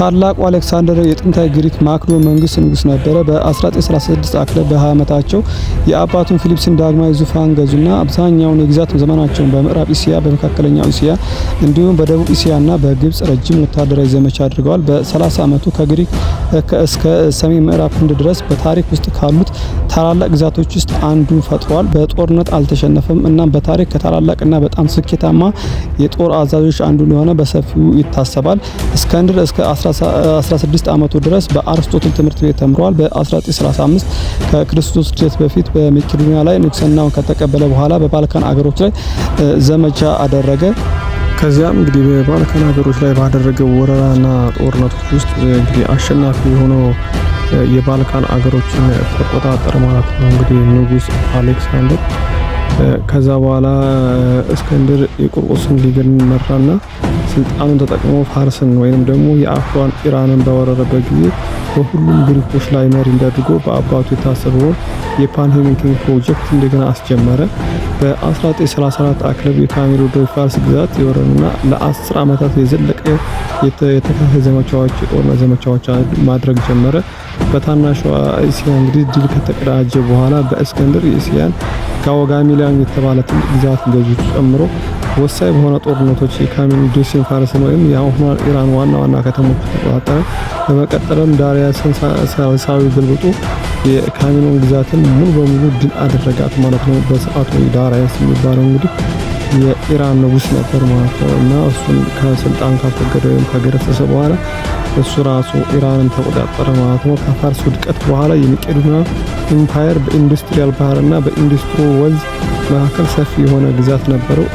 ታላቁ አሌክሳንደር የጥንታዊ ግሪክ ማክዶ መንግስት ንጉስ ነበረ። በ1916 አክለ በ20 ዓመታቸው የአባቱን ፊሊፕስን ዳግማዊ ዙፋን ገዙና አብዛኛውን የግዛት ዘመናቸውን በምዕራብ እስያ፣ በመካከለኛው እስያ እንዲሁም በደቡብ እስያና በግብጽ ረጅም ወታደራዊ ዘመቻ አድርገዋል። በ30 ዓመቱ ከግሪክ እስከ ሰሜን ምዕራብ ህንድ ድረስ በታሪክ ውስጥ ካሉት ታላላቅ ግዛቶች ውስጥ አንዱ ፈጥሯል። በጦርነት አልተሸነፈም እና በታሪክ ከታላላቅና በጣም ስኬታማ የጦር አዛዦች አንዱ እንደሆነ በሰፊው ይታሰባል። እስከንድር እስከ 16 ዓመቱ ድረስ በአርስቶትል ትምህርት ቤት ተምሯል። በ1935 ከክርስቶስ ልደት በፊት በመቄዶኒያ ላይ ንግስናውን ከተቀበለ በኋላ በባልካን አገሮች ላይ ዘመቻ አደረገ። ከዚያም እንግዲህ በባልካን ሀገሮች ላይ ባደረገው ወረራና ጦርነቶች ውስጥ እንግዲህ አሸናፊ የሆነው የባልካን አገሮችን ተቆጣጠር ማለት ነው። እንግዲህ ንጉስ አሌክሳንደር ከዛ በኋላ እስክንድር የቁርቁስን ሊግን መራና ስልጣኑን ተጠቅሞ ፋርስን ወይም ደግሞ የአፍሯን ኢራንን በወረረበት ጊዜ በሁሉም ግሩፖች ላይ መሪ እንዳድርጎ በአባቱ የታሰበውን የፓንሄሚክን ፕሮጀክት እንደገና አስጀመረ። በ1934 አክለብ የካሜል ደ ፋርስ ግዛት የወረኑና ለ10 ዓመታት የዘለቀ የተከታታይ ዘመቻዎች የጦርነት ዘመቻዎች ማድረግ ጀመረ። በታናሿ እስያ እንግዲህ ድል ከተቀዳጀ በኋላ በእስከንድር የእስያን ከወጋሚላን የተባለ ትልቅ ግዛት ገዙ ጨምሮ ወሳኝ በሆነ ጦርነቶች የካሚል ዱሴን ፋርስን ወይም የአሁኗን ኢራን ዋና ዋና ከተሞች ተቆጣጠረ። በመቀጠልም ዳሪያስን ሳልሳዊ ግልብጡ የካሚሎን ግዛትን ሙሉ በሙሉ ድል አደረጋት ማለት ነው። በሰዓቱ ዳሪያስ የሚባለው እንግዲህ የኢራን ንጉስ ነበር ማለት ነው። እና እሱን ከስልጣን ካስወገደ ወይም ከገረሰሰ በኋላ እሱ ራሱ ኢራንን ተቆጣጠረ ማለት ነው። ከፋርስ ውድቀት በኋላ የመቄዶንያ ኢምፓየር በኢንዱስትሪያል ባህርና በኢንዱስትሪ ወንዝ መካከል ሰፊ የሆነ ግዛት ነበረው።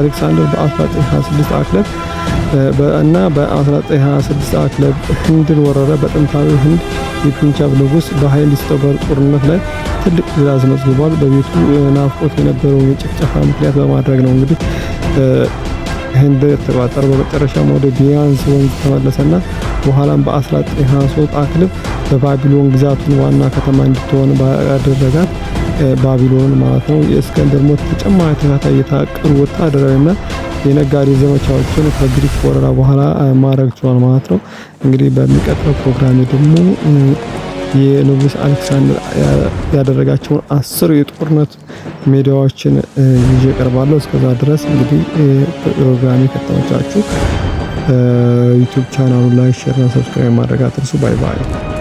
አሌክሳንደር በ1926 አክለብ እና በ1926 አክለብ ህንድን ወረረ። በጥንታዊ ህንድ የፑንጃብ ንጉስ በኃይል ሲተጓጎል ጦርነት ላይ ትልቅ ድል አስመዝግቧል። በቤቱ ናፍቆት የነበረውን የጭፍጨፋ ምክንያት በማድረግ ነው እንግዲህ ይህን ድል በመጨረሻም ወደ ቢያንስ ወንዝ ተመለሰና በኋላም በ1923 አክልብ በባቢሎን ግዛቱን ዋና ከተማ እንድትሆን ባደረጋት ባቢሎን ማለት ነው። የእስከንደር ሞት ተጨማሪ ተከታታይ የታቀዱ ወታደራዊና የነጋዴ ዘመቻዎችን ከግሪክ ወረራ በኋላ ማድረግ ችሏል ማለት ነው። እንግዲህ በሚቀጥለው ፕሮግራሜ ደግሞ የንጉስ አሌክሳንደር ያደረጋቸውን አስር የጦርነት ሜዳዎችን ይዤ ቀርባለሁ። እስከዛ ድረስ እንግዲህ ፕሮግራሜ ከተመቻችሁ ዩቱብ ቻናሉ ላይ ሼርና ሰብስክራይብ ማድረግ አትርሱ። ባይ ባይ።